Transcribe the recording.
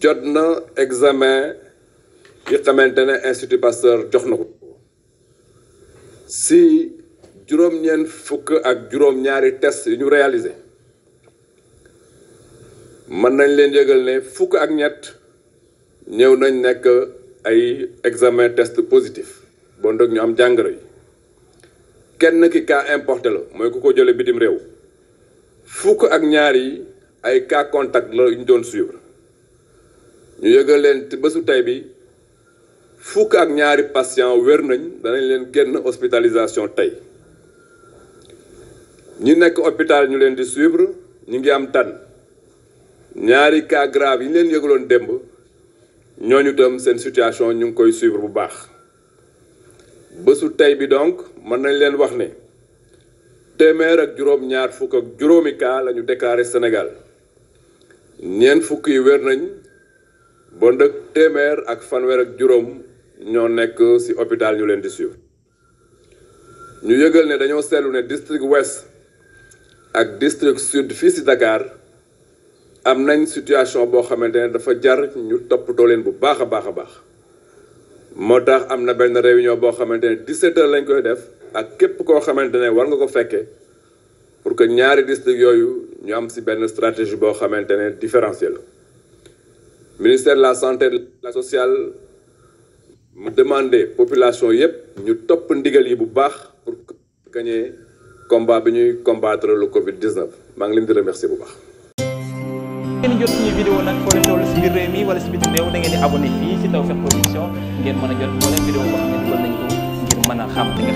jot na examen yi xamante ne institut Pasteur jox na ko si juróom-ñeent fukk ak juróom-ñaari test yu ñu réalisé mën nañ leen yëgal ne fukk ak ñett ñëw nañ nekk ay examen test positif bon dog ñu am jàngoro yi kenn ki kaa importé la mooy ku ko jële bitim réew fukk ak ñaar yi ay cas contact la ñu doon suivre ñu yëgal leen bésu tey bi fukk ak ñaari patient wér nañ danañ leen genn ospitalisation tey ñi nekk hôpital ñu leen di suivre ñu ngi am tànn ñaari cas grave yi leen yëgaloon démb ñoo ñu tam seen situation ñu ngi koy suivre bu baax bésu tey bi donc mën nañ leen wax ne téeméer ak juróom-ñaar fukk ak juróomi cas la ñu déclaré Sénégal ñeent fukk yi wér nañ bon ndëkk téeméer ak fanweer ak juróom ñoo nekk ci hôpital ñu leen di suivre ñu yëgal ne dañoo seetlu ne district ouest ak district sud fii ci Dakar am nañ situation boo xamante ne dafa jar ñu toppatoo leen bu baax a baax a baax moo tax am na benn réunion boo xamante ne 17 lañ koy def ak képp koo xamante ne war nga ko fekkee pour que ñaari district yooyu ñu am ci benn stratégie boo xamante ne différentielle ministère de la santé de la sociale mu demandé population yépp ñu topp ndigal yi bu baax pour gagner combat bi ñuy combattre le Covid 19 maa ngi leen di remercier bu baax. ngeen jot suñu vidéo nag foo leen si biir mën a jot moo leen vidéo mën a xam